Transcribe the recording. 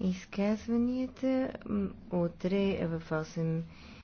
изказванията. Утре в 8